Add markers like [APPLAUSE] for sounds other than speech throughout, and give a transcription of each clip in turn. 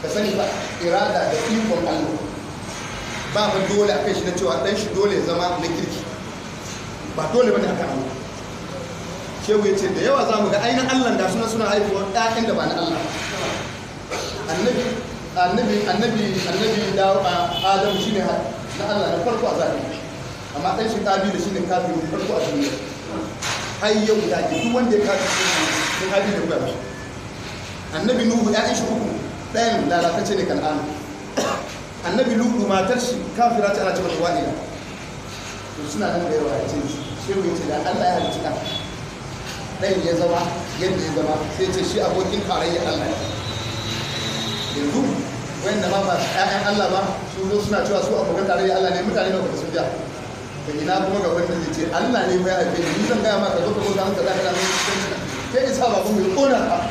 ka sani ba irada da ikon allo ba ba dole a kai shi na cewa dan shi dole zama na kirki ba dole bane akan Allah shehu ya ce da yawa za mu ga ainihin allon da suna suna haifuwa ɗakin da ba na Allah annabi annabi annabi annabi da Adam shine na Allah da farko a zaɓi. amma ɗan shi kabi da shine ne kafin farko a duniya har yau da duk wanda ya kafin shi ne kafin da kwaya annabi nuhu ya'in shi uku ɗayan lalatacce ne kan'ana annabi lugu matar shi kafira ta ana ce wa'ila to suna nan da yawa ya ce shehu ce da allah ya ɗayan ya zama yadda ya zama sai ce shi abokin tarayya allah ya yanzu wanda ma ba ƴaƴan allah ba su zo suna cewa su abokan tarayya allah ne mutane ba su ja da ina kuma ga wanda zai ce allah ne mai haife ni zan gaya maka zo ka zo ka hanka zaka ka da mai kai isa ba kuma ya ƙona ka [LAUGHS]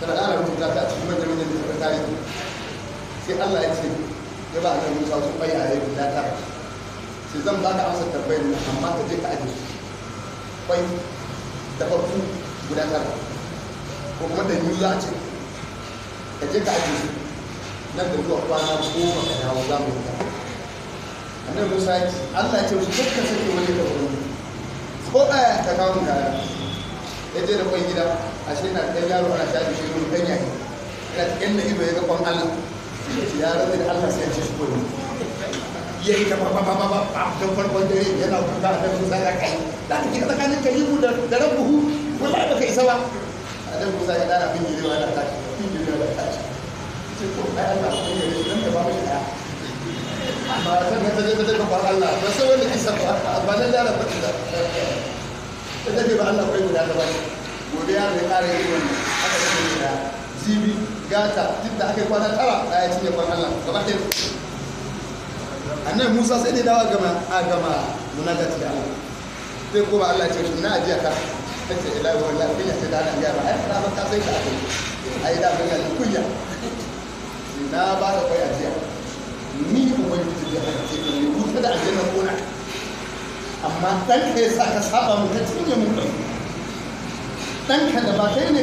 tana ana rubuta ta a cikin manyan manyan ta yi. sai Allah ya ce ya ba annabi Musa su bai a yau guda tara sai zan ba ka amsa tambayar nan amma ka je ka aje su bai da farko guda tara ko kuma da yiwu za a ce ka je ka aje su nan da zuwa kwana goma ka dawo za mu yi ta annabi Musa ya ce Allah ya ce su dukkan sake wani da wani ko ɗaya ta kawo mu je da kwan gida shi na ɗan yaro ana shaɗi shi ruru ɗan ɗan da ido ya ga kwan Allah shi ya rabu da Allah sai ya ce shi ko ne ya yi kama ba ba ba ba ba farkon dare yana kuka a ɗan musa ya kai za ka kira tsakanin karibu da daren buhu wala ba ka isa ba a ɗan musa ya ɗara bin girewa da tashi bin girewa da tashi ce ko Allah ya ba mu ɗaya san kwan Allah ba sai ba Allah kai guda da ba gobe ya zai ƙara yi wannan aka yi da zibi gata tinta da aka yi kwana tara da ya cinye kwan Allah gaba ɗaya annabi Musa sai dai dawa gama a gama munagati da Allah sai kuma Allah ce shi na ajiya ka kace ila wallahi kunya ce da Allah ya ba ai ba ta sai ka ai da ban yana kunya na ba da kai ajiya ni yi da aka ce ne wuta da na kuna amma dan kai sa ka saba mu ka mun kai. 单看的吧？真的